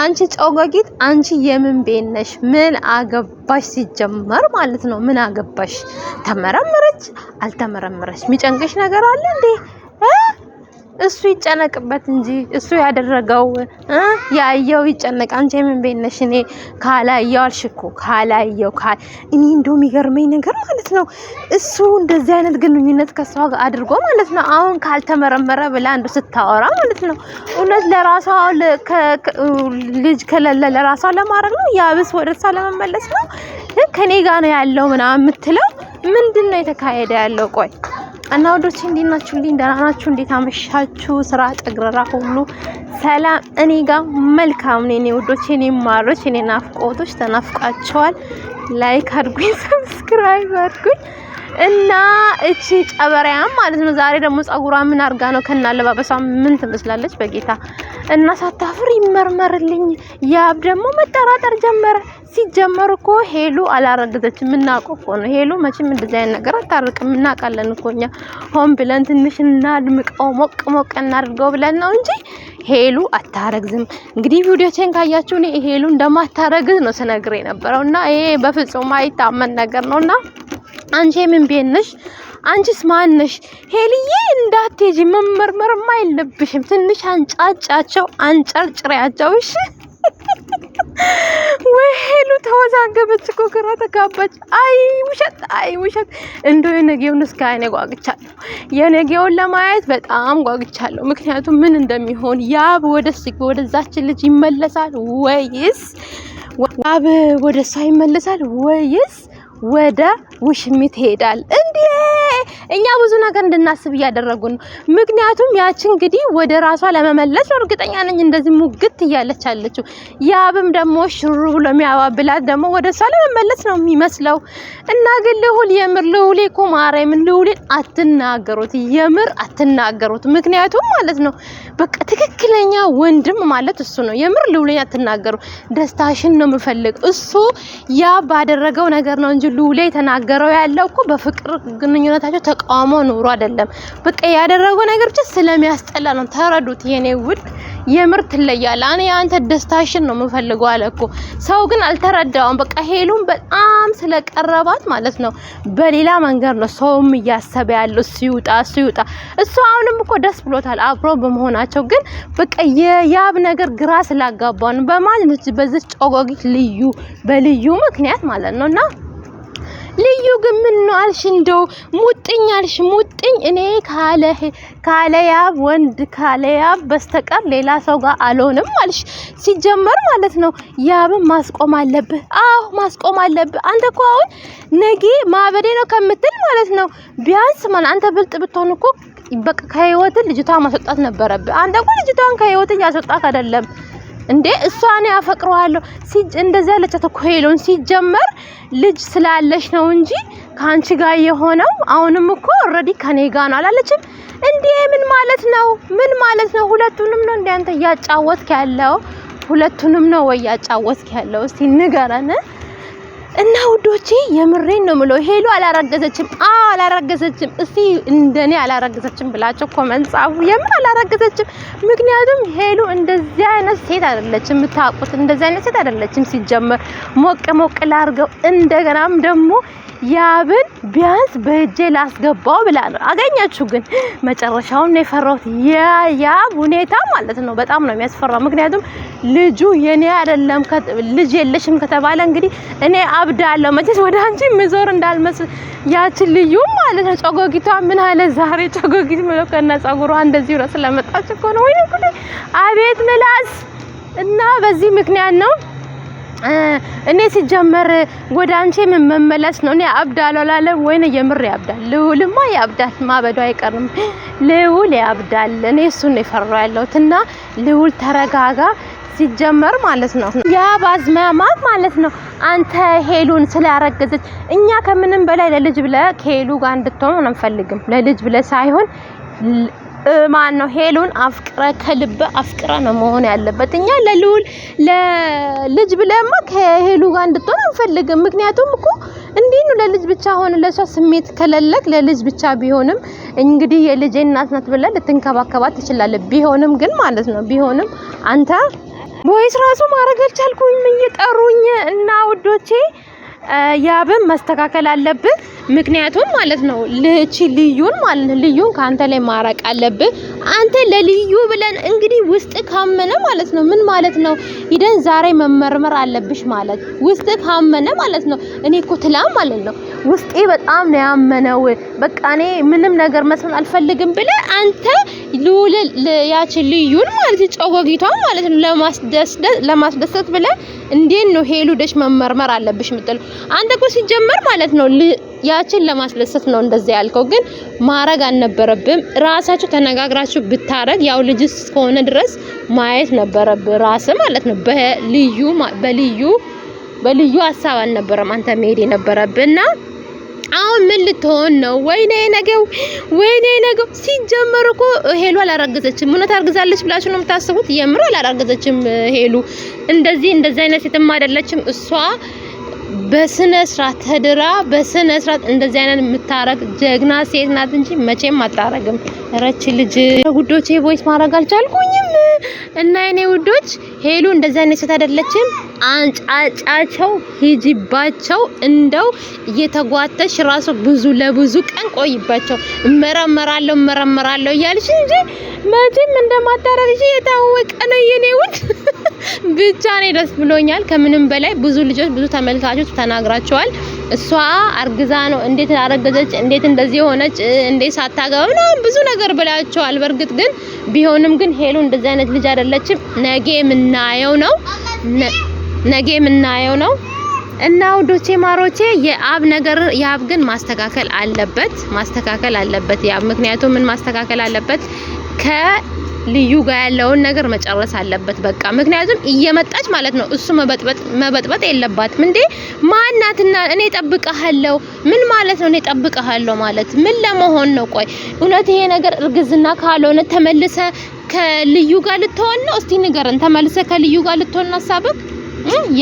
አንቺ ጨጓጊት፣ አንቺ የምን ቤት ነሽ? ምን አገባሽ? ሲጀመር ማለት ነው ምን አገባሽ? ተመረመረች አልተመረመረች የሚጨንቅሽ ነገር አለ እንዴ? እሱ ይጨነቅበት እንጂ እሱ ያደረገው ያየው ይጨነቅ። አንቺ ምን ቤት ነሽ? እኔ ካላየው አልሽ እኮ ካላየው ካል እኔ እንደው የሚገርመኝ ነገር ማለት ነው እሱ እንደዚህ አይነት ግንኙነት ከሷ ጋር አድርጎ ማለት ነው አሁን ካልተመረመረ ብላ አንዱ ስታወራ ማለት ነው እውነት ለራሷ ልጅ ከሌለ ለራሷ ለማድረግ ነው ያብስ ወደሷ ለመመለስ ነው ከኔ ጋር ነው ያለው ምናምን የምትለው ምንድን ነው የተካሄደ ያለው? ቆይ እና ወዶች እንዴት ናችሁልኝ? ደህና ናችሁ? እንዴት አመሻችሁ? ስራ ጨግረራ ሁሉ ሰላም እኔ ጋር መልካም ነኝ። እኔ ወዶች፣ እኔ ማሮች፣ እኔ ናፍቆቶች ተናፍቃቸዋል። ላይክ አድርጉኝ፣ ሰብስክራይብ አድርጉኝ። እና እቺ ጨበሪያም ማለት ነው ዛሬ ደግሞ ጸጉሯ ምን አድርጋ ነው ከና አለባበሷ ምን ትመስላለች? በጌታ እና ሳታፍር ይመርመርልኝ። ያብ ደግሞ መጠራጠር ጀመረ። ሲጀመር እኮ ሄሉ አላረገዘችም። የምናውቀው እኮ ነው። ሄሉ መቼም እንደዚህ አይነት ነገር አታርቅም። እናውቃለን እኮ እኛ ሆን ብለን ትንሽ እናድምቀው፣ ሞቅ ሞቅ እናድርገው ብለን ነው እንጂ ሄሉ አታረግዝም። እንግዲህ ቪዲዮቼን ካያችሁ እኔ ሄሉ እንደማታረግዝ ነው ስነግር የነበረው እና ይሄ በፍጹም አይታመን ነገር ነውና አንቺ ምን ቤት ነሽ? አንቺስ ማን ነሽ? ሄልዬ እንዳትሄጂ መመርመርማ የለብሽም። ትንሽ አንጫጫቸው፣ አንጨርጭሪያቸው። እሺ ወይ ሄሉ ተወዛገበች እኮ ግራ ተጋባች። አይ ውሸት፣ አይ ውሸት። እንዶ የነገውን እስከ አይኔ ጓግቻለሁ። የነገውን ለማየት በጣም ጓግቻለሁ። ምክንያቱም ምን እንደሚሆን ያብ ወደስ ወደዛችን ልጅ ይመለሳል ወይስ ያብ ወደሷ ይመለሳል ወይስ ወደ ውሽሚት ይሄዳል እንዴ እኛ ብዙ ነገር እንድናስብ እያደረጉን ነው። ምክንያቱም ያቺ እንግዲህ ወደ ራሷ ለመመለስ ነው እርግጠኛ ነኝ እንደዚህ ሙግት እያለች አለችው። ያብም ደግሞ ሽሩ ብሎ የሚያባብላት ደግሞ ወደ እሷ ለመመለስ ነው የሚመስለው። እና ግን ልዑል የምር ልዑሌ እኮ ማርያምን ልዑሌን አትናገሩት፣ የምር አትናገሩት። ምክንያቱም ማለት ነው በቃ ትክክለኛ ወንድም ማለት እሱ ነው። የምር ልዑሌን አትናገሩ። ደስታሽን ነው የምፈልግ። እሱ ያ ባደረገው ነገር ነው እንጂ ልዑሌ የተናገረው ያለው እኮ በፍቅር ግንኙነታቸው አንዳንዶቹ ተቃውሞ ኑሮ አይደለም፣ በቃ ያደረገው ነገር ብቻ ስለሚያስጠላ ነው። ተረዱት የኔ ውድ፣ የምር ትለያለህ። እኔ የአንተ ደስታሽን ነው የምፈልገው አለ እኮ ሰው ግን አልተረዳውም። በቃ ሄሉም በጣም ስለቀረባት ማለት ነው በሌላ መንገድ ነው ሰውም እያሰበ ያለው እሱ ይውጣ እሱ ይውጣ። እሱ አሁንም እኮ ደስ ብሎታል አብሮ በመሆናቸው ግን በቃ የያብ ነገር ግራ ስላጋባ ነው በማን በዚህ ጨጓጊት ልዩ በልዩ ምክንያት ማለት ነውና ልዩ እንደው ግን ምን ነው አልሽ? እንደው ሙጥኝ አልሽ ሙጥኝ። እኔ ካለ ካለ ካለያብ ወንድ ካለ ካለያብ በስተቀር ሌላ ሰው ጋር አልሆንም አልሽ። ሲጀመር ማለት ነው ያብን ማስቆም አለብህ። አዎ ማስቆም አለብህ። አንተ እኮ አሁን ነጌ ማበዴ ነው ከምትል ማለት ነው ቢያንስ ማለት አንተ ብልጥ ብትሆን እኮ በቃ ከህይወት ልጅቷ ማስወጣት ነበረብህ። አንተ እኮ ልጅቷን ከህይወት ያስወጣት አይደለም እንዴ እሷ እኔ አፈቅረዋለሁ ሲጅ እንደዛ ያለቻት እኮ ሄሎን ሲጀመር ልጅ ስላለሽ ነው እንጂ ከአንቺ ጋር የሆነው አሁንም እኮ ኦልሬዲ ከኔ ጋር ነው አላለችም እንዴ ምን ማለት ነው ምን ማለት ነው ሁለቱንም ነው እንዴ አንተ እያጫወትክ ያለው ሁለቱንም ነው ወይ እያጫወትክ ያለው እስቲ ንገረን እና ውዶቼ የምሬን ነው ምለው፣ ሄሉ አላረገዘችም። አዎ አላረገዘችም። እስቲ እንደኔ አላረገዘችም ብላችሁ ኮመንት ጻፉ። የምር አላረገዘችም። ምክንያቱም ሄሉ እንደዚህ አይነት ሴት አይደለችም፣ የምታውቁት እንደዚህ አይነት ሴት አይደለችም። ሲጀመር ሞቅ ሞቅ ላርገው እንደገናም ደግሞ ያብ ቢያንስ በእጄ ላስገባው ብላ ነው። አገኘችው ግን መጨረሻውን ነው የፈራሁት። ያ ያ ሁኔታ ማለት ነው በጣም ነው የሚያስፈራው። ምክንያቱም ልጁ የኔ አይደለም ልጅ የለሽም ከተባለ እንግዲህ እኔ አብዳለሁ። መቼስ ወደ አንቺ ምዞር እንዳልመስል ያችን ልዩ ማለት ነው ጨጎጊቷ ምን አለ ዛሬ ጨጎጊት ምለው ከና ጸጉሯ እንደዚህ ነው ስለመጣች እኮ ነው። ወይ አቤት ምላስ እና በዚህ ምክንያት ነው እኔ ሲጀመር ወደ አንቺ ምን መመለስ ነው? እኔ አብዳል አላለም ወይኔ፣ የምር ያብዳል። ልዑልማ ያብዳል፣ ማበዱ አይቀርም። ልዑል ያብዳል። እኔ እሱን ነው የፈራው ያለሁት። እና ልዑል ተረጋጋ። ሲጀመር ማለት ነው ያ ባዝማማ ማለት ነው አንተ ሄሉን ስላረገዘች እኛ ከምንም በላይ ለልጅ ብለ ከሄሉ ጋር እንድትሆን አንፈልግም። ለልጅ ብለ ሳይሆን ማን ነው ሄሉን አፍቅረ ከልብ አፍቅረ ነው መሆን ያለበት። እኛ ለልዑል ለልጅ ብለማ ከሄሉ ጋር እንድትሆን አንፈልግም። ምክንያቱም እኮ እንዲህ ነው ለልጅ ብቻ ሆነ ለሷ ስሜት ከለለክ ለልጅ ብቻ ቢሆንም እንግዲህ የልጅ እናት ናት ብለ ልትንከባከባት ትችላለህ። ቢሆንም ግን ማለት ነው ቢሆንም አንተ ቦይስ ራሱ ማድረግ አልቻልኩም፣ እየጠሩኝ እና ውዶቼ ያብን መስተካከል አለብህ። ምክንያቱም ማለት ነው ልቺ ልዩን ማለት ነው ልዩን ከአንተ ላይ ማራቅ አለብህ። አንተ ለልዩ ብለን እንግዲህ ውስጥ ካመነ ማለት ነው ምን ማለት ነው ሂደን ዛሬ መመርመር አለብሽ ማለት ውስጥ ካመነ ማለት ነው። እኔ እኮ ትላም ማለት ነው ውስጤ በጣም ነው ያመነው፣ በቃ እኔ ምንም ነገር መስማት አልፈልግም ብለ አንተ ልውል ያችን ልዩን ማለት ጨወጊቷ ማለት ነው ለማስደስደት ለማስደሰት ብለህ እንዴት ነው ሄሉ ደሽ መመርመር አለብሽ የምትለው አንተ እኮ ሲጀመር ማለት ነው ያችን ለማስደሰት ነው እንደዛ ያልከው፣ ግን ማረግ አልነበረብም። ራሳችሁ ተነጋግራችሁ ብታረግ ያው ልጅ እስከሆነ ድረስ ማየት ነበረብህ ራስ ማለት ነው። በልዩ በልዩ በልዩ ሀሳብ አልነበረም አንተ መሄድ የነበረብህና አሁን ምን ልትሆን ነው? ወይኔ ነገው፣ ወይኔ ነገው። ሲጀመር እኮ ሄሉ አላረገዘችም። እውነት አርግዛለች ብላችሁ ነው የምታስቡት? የምሮ አላረገዘችም። ሄሉ እንደዚህ እንደዚህ አይነት ሴትም አይደለችም እሷ በስነ ስርዓት ተድራ በስነ ስርዓት እንደዚህ አይነት የምታረግ ጀግና ሴት ናት እንጂ መቼም አታረግም። ረች ልጅ ጉዶቼ ቮይስ ማድረግ አልቻልኩኝም። እና የኔ ውዶች ሄሉ እንደዛ አይነት ሴት አይደለችም። አንጫጫቸው፣ ሂጂባቸው። እንደው እየተጓተሽ ራሱ ብዙ ለብዙ ቀን ቆይባቸው። እመረመራለሁ እመረመራለሁ እያልሽ እንጂ መቼም እንደማታረግሽ የታወቀ ነው የኔ ውድ ብቻ እኔ ደስ ብሎኛል። ከምንም በላይ ብዙ ልጆች ብዙ ተመልካቾች ተናግራቸዋል። እሷ አርግዛ ነው እንዴት አረገዘች፣ እንዴት እንደዚህ ሆነች፣ እንዴት ሳታገባ ምናምን ብዙ ነገር ብላቸዋል። በእርግጥ ግን ቢሆንም ግን ሄሉ እንደዚህ አይነት ልጅ አይደለችም። ነገ የምናየው ነው ነገ የምናየው ነው። እና ውዶቼ ማሮቼ የአብ ነገር የአብ ግን ማስተካከል አለበት ማስተካከል አለበት። የአብ ምክንያቱም ምን ማስተካከል አለበት ከ ልዩ ጋር ያለውን ነገር መጨረስ አለበት በቃ። ምክንያቱም እየመጣች ማለት ነው እሱ መበጥበጥ መበጥበጥ የለባትም እንዴ። ማናትና እኔ ጠብቀሃለሁ ምን ማለት ነው? እኔ ጠብቀሃለሁ ማለት ምን ለመሆን ነው? ቆይ እውነት ይሄ ነገር እርግዝና ካልሆነ ተመልሰ ከልዩ ጋር ልትሆን ነው? እስቲ ንገረን። ተመልሰ ከልዩ ጋር ልትሆን አሳብክ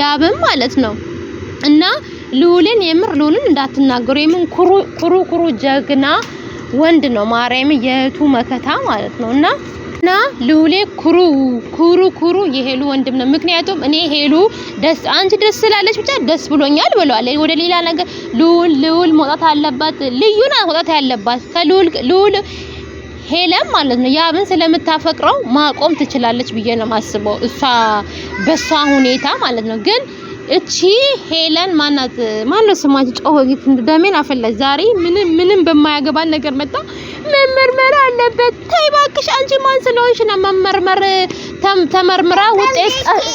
ያብም ማለት ነው እና ልውልን የምር ልውልን እንዳትናገሩ። የምን ኩሩ ኩሩ ኩሩ ጀግና ወንድ ነው። ማርያም የእህቱ መከታ ማለት ነው እና እና ልውሌ ኩሩ ኩሩ ኩሩ የሄሉ ወንድም ነው። ምክንያቱም እኔ ሄሉ ደስ አንቺ ደስ ስላለች ብቻ ደስ ብሎኛል ብለዋል። ወደ ሌላ ነገር ልውል ልውል መውጣት አለባት፣ ልዩና መውጣት ያለባት ከልውል ልውል ሄለም ማለት ነው ያብን ስለምታፈቅረው ማቆም ትችላለች ብዬ ነው የማስበው። እሷ በሷ ሁኔታ ማለት ነው ግን እቺ ሄለን ማናት? ማነው ነው ስማች? ጮሆ ደሜን አፈላች። ዛሬ ምንም ምንም በማያገባን ነገር መጣ። መመርመር አለበት። ተይ እባክሽ አንቺ ማን ስለሆንሽ ነው መመርመር ተመርምራ ውጤት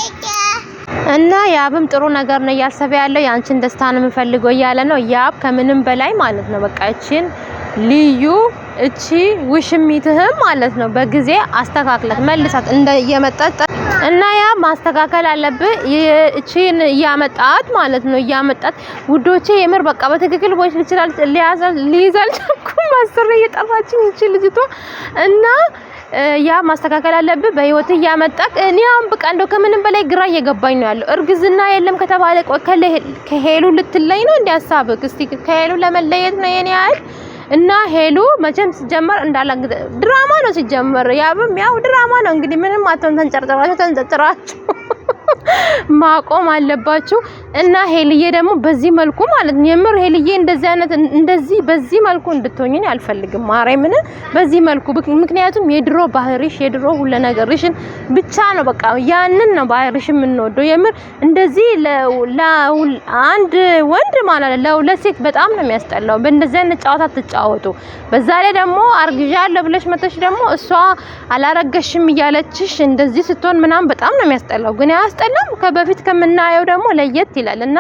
እና ያብም ጥሩ ነገር ነው እያሰበ ያለው የአንቺን ደስታ ነው የምፈልገው እያለ ነው። ያብ ከምንም በላይ ማለት ነው በቃ እቺን ልዩ እቺ ውሽሚትህም ማለት ነው በጊዜ አስተካክላት መልሳት እንደየመጠጠ እና ያ ማስተካከል አለብህ። እቺን እያመጣት ማለት ነው እያመጣት ውዶቼ፣ የምር በቃ በትክክል ቦይስ ልችላል ሊይዛል ቻልኩም ማስተር እየጠራችኝ እቺ ልጅቷ እና ያ ማስተካከል አለብህ። በህይወት እያመጣት እኔ አሁን በቃ እንደው ከምንም በላይ ግራ እየገባኝ ነው ያለው። እርግዝና የለም ከተባለ ከሄሉ ልትለይ ነው እንዲያሳብክ እስቲ ከሄሉ ለመለየት ነው የኔ ያህል እና ሄሉ መቼም ሲጀመር እንዳለ ድራማ ነው ሲጀመር፣ ያብም ያው ድራማ ነው እንግዲህ ምንም አትሆን። ተንጨርጨራችሁ ተንጨርጨራችሁ ማቆም አለባችሁ። እና ሄልዬ ደግሞ በዚህ መልኩ ማለት ነው የምር ሄልዬ እንደዚህ አይነት እንደዚህ በዚህ መልኩ እንድትሆኝ አልፈልግም። ማርያምን በዚህ መልኩ ምክንያቱም የድሮ ባህሪሽ የድሮ ሁሉ ነገርሽን ብቻ ነው በቃ ያንን ነው ባህሪሽ የምንወደው። የምር እንደዚህ ለአንድ ወንድ ማለት ነው ለሴት በጣም ነው የሚያስጠላው። በእንደዚህ አይነት ጨዋታ ትጫወቱ። በዛ ላይ ደግሞ አርግዣለሁ ብለሽ መተሽ ደግሞ እሷ አላረገሽም እያለችሽ እንደዚህ ስትሆን ምናምን በጣም ነው የሚያስጠላው። ግን ያስጠላ ነው። ከበፊት ከምናየው ደግሞ ለየት ይላል እና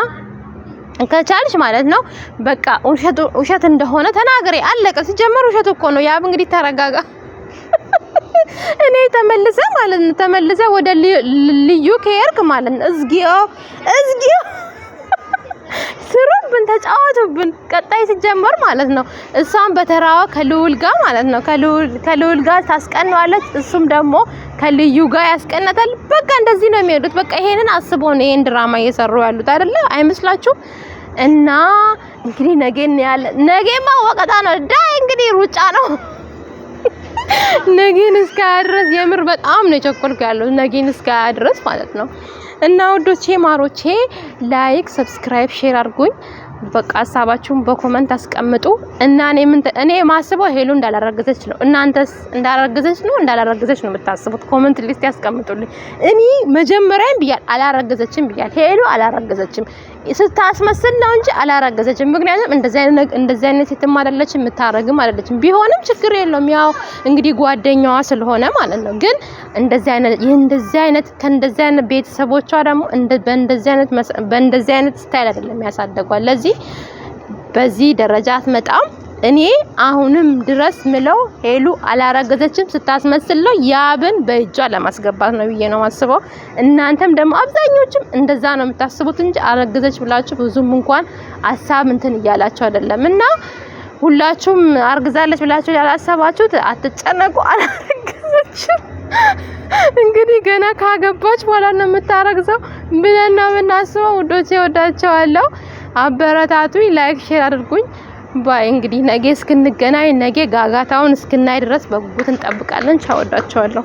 ከቻልሽ ማለት ነው በቃ ውሸት ውሸት እንደሆነ ተናገሪ። አለቀ። ሲጀመር ውሸት እኮ ነው። ያብ እንግዲህ ተረጋጋ። እኔ ተመልሰ ማለት ነው ተመልሰ ወደ ልዩ ከሄድክ ማለት ነው እዝጊዮ እዝጊዮ ስሩብን፣ ተጫወቱብን። ቀጣይ ሲጀመር ማለት ነው እሷን በተራዋ ከልውል ጋር ማለት ነው ከልውል ጋር ታስቀነዋለች፣ እሱም ደግሞ ከልዩ ጋር ያስቀነታል። በቃ እንደዚህ ነው የሚሄዱት። በቃ ይሄንን አስቦ ነው ይሄን ድራማ እየሰሩ ያሉት አይደለ? አይመስላችሁም? እና እንግዲህ ነገ እናያለን። ነገማ ወቀጣ ነው ዳይ እንግዲህ ሩጫ ነው። ነገን እስካያ ድረስ የምር በጣም ነው የቸኮልኩ ያለው ነገን እስካያ ድረስ ማለት ነው። እና ውዶቼ ማሮቼ ላይክ፣ ሰብስክራይብ፣ ሼር አድርጉኝ። በቃ ሀሳባችሁን በኮመንት አስቀምጡ። እና እኔ ምን እኔ ማስበው ሄሉ እንዳላረገዘች ነው። እናንተስ እንዳረገዘች ነው እንዳላረገዘች ነው የምታስቡት? ኮመንት ሊስት ያስቀምጡልኝ። እኔ መጀመሪያም ብያል አላረገዘችም ብያል። ሄሉ አላረገዘችም። ስታስመስል ነው እንጂ አላረገዘችም። ምክንያቱም እንደዚህ አይነት ሴትም አይደለችም የምታረግም አይደለችም። ቢሆንም ችግር የለውም ያው እንግዲህ ጓደኛዋ ስለሆነ ማለት ነው። ግን እንደዚህ አይነት ይህ እንደዚህ አይነት ከእንደዚህ አይነት ቤተሰቦቿ ደግሞ በእንደዚህ አይነት በእንደዚህ አይነት ስታይል አይደለም ያሳደጓል። ለዚህ በዚህ ደረጃ አትመጣም። እኔ አሁንም ድረስ ምለው ሄሉ አላረገዘችም ስታስመስል ነው ያብን በእጇ ለማስገባት ነው ብዬ ነው የማስበው። እናንተም ደግሞ አብዛኞችም እንደዛ ነው የምታስቡት እንጂ አረገዘች ብላችሁ ብዙም እንኳን አሳብ እንትን እያላችሁ አይደለም እና ሁላችሁም አርግዛለች ብላችሁ ያላሰባችሁት አትጨነቁ፣ አላረገዘችም። እንግዲህ ገና ካገባች በኋላ ነው የምታረግዘው ብለን ነው የምናስበው። ውዶቼ ወዳቸዋለሁ። አበረታቱኝ። ላይክ ሼር አድርጉኝ። ባይ እንግዲህ ነገ እስክንገናኝ ነገ ጋጋታውን እስክናይ ድረስ በጉጉት እንጠብቃለን። ቻው፣ ወዳቸዋለሁ።